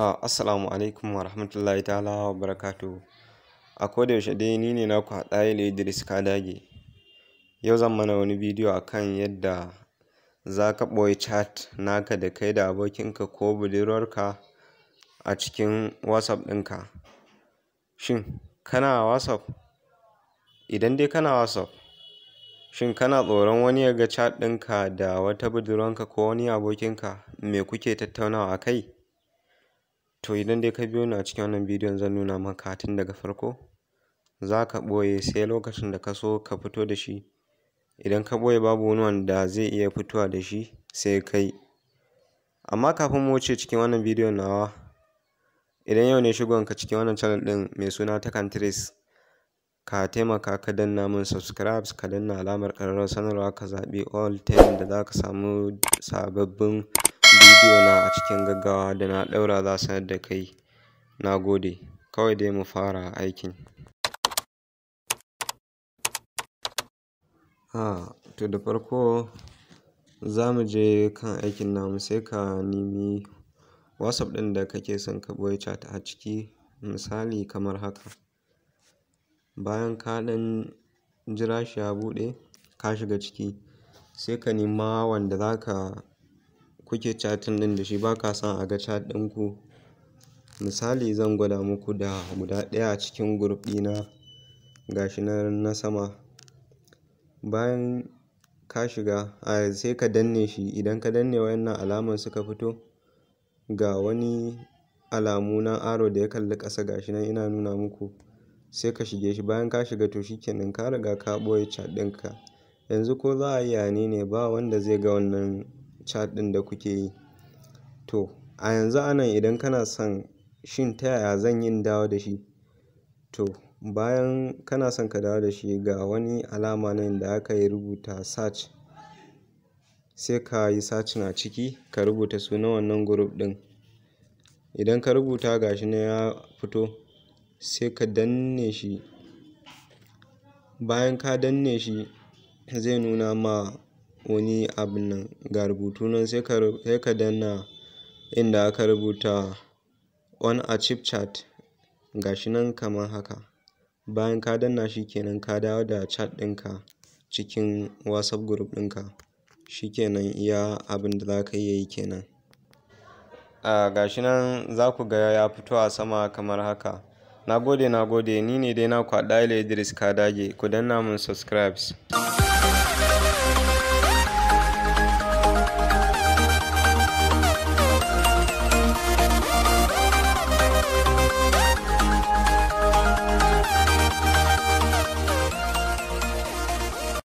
Ah, assalamu alaikum wa rahmatullahi ta'ala wa barakatu a kodayaushe dai ni ne naku haɗayil idris dage. yau zan mana wani bidiyo akan yadda za ka ɓoye chat naka da kai da abokinka ko budurwarka a cikin whatsapp ɗinka shin kana whatsapp idan dai kana whatsapp shin kana tsoron wani ya ga chat ɗinka da wata budurwarka ko wani abokinka me kuke tattaunawa a kai To idan dai ka biyo ni a cikin wannan bidiyon zan nuna maka tun daga farko za ka ɓoye sai lokacin da ka so ka fito da shi. Idan ka ɓoye babu wani wanda zai iya fitowa da shi sai kai. Amma kafin mu wuce cikin wannan bidiyon nawa idan yau ne shigonka cikin wannan channel ɗin mai suna ta Trace ka taimaka ka danna min subscribe ka danna alamar ƙararrawar sanarwa ka zaɓi all time da za ka samu sababbin bidiyo na a cikin gaggawa da na ɗaura za sanar da kai. Na gode. Kawai dai mu fara aikin. A to da farko za mu je kan aikin namu sai ka nemi WhatsApp ɗin da kake son ka boye chat a ciki misali kamar haka. Bayan ka ɗan jira shi ya buɗe ka shiga ciki sai ka nema wanda za ka kuke chatting ɗin da shi ba ka son a ga chat ɗinku. Misali zan gwada muku da guda ɗaya a cikin group ɗina ga shi na sama. Bayan ka shiga a sai ka danne shi idan ka danne wayannan alaman suka fito ga wani alamu na aro da ya kalli kasa ga nan ina nuna muku sai ka shige shi bayan ka shiga to shikenan ka riga ka ɓoye chat ɗinka. Yanzu ko za a yi yane ne ba wanda zai ga wannan. chat ɗin da kuke yi. To a yanzu anan idan kana son shin ta yaya zan yin dawo da shi? To bayan kana son ka dawo da shi ga wani alama nan da aka yi rubuta search. Sai ka yi searching a ciki ka rubuta sunan wannan group ɗin. Idan ka rubuta ga shi nan ya fito sai ka danne shi. Bayan ka danne shi zai nuna ma wani abun nan ga rubutu nan sai ka sai ka danna inda aka rubuta on a chip chat ga shi nan kamar haka bayan ka danna shi kenan ka dawo da chat ɗinka cikin whatsapp group ɗinka shi kenan iya abin da za ka iya yi kenan a ga shi nan za ku ga ya fito a sama kamar haka na gode na gode ni ne dai naku Adaile Idris Kadage ku danna mun subscribes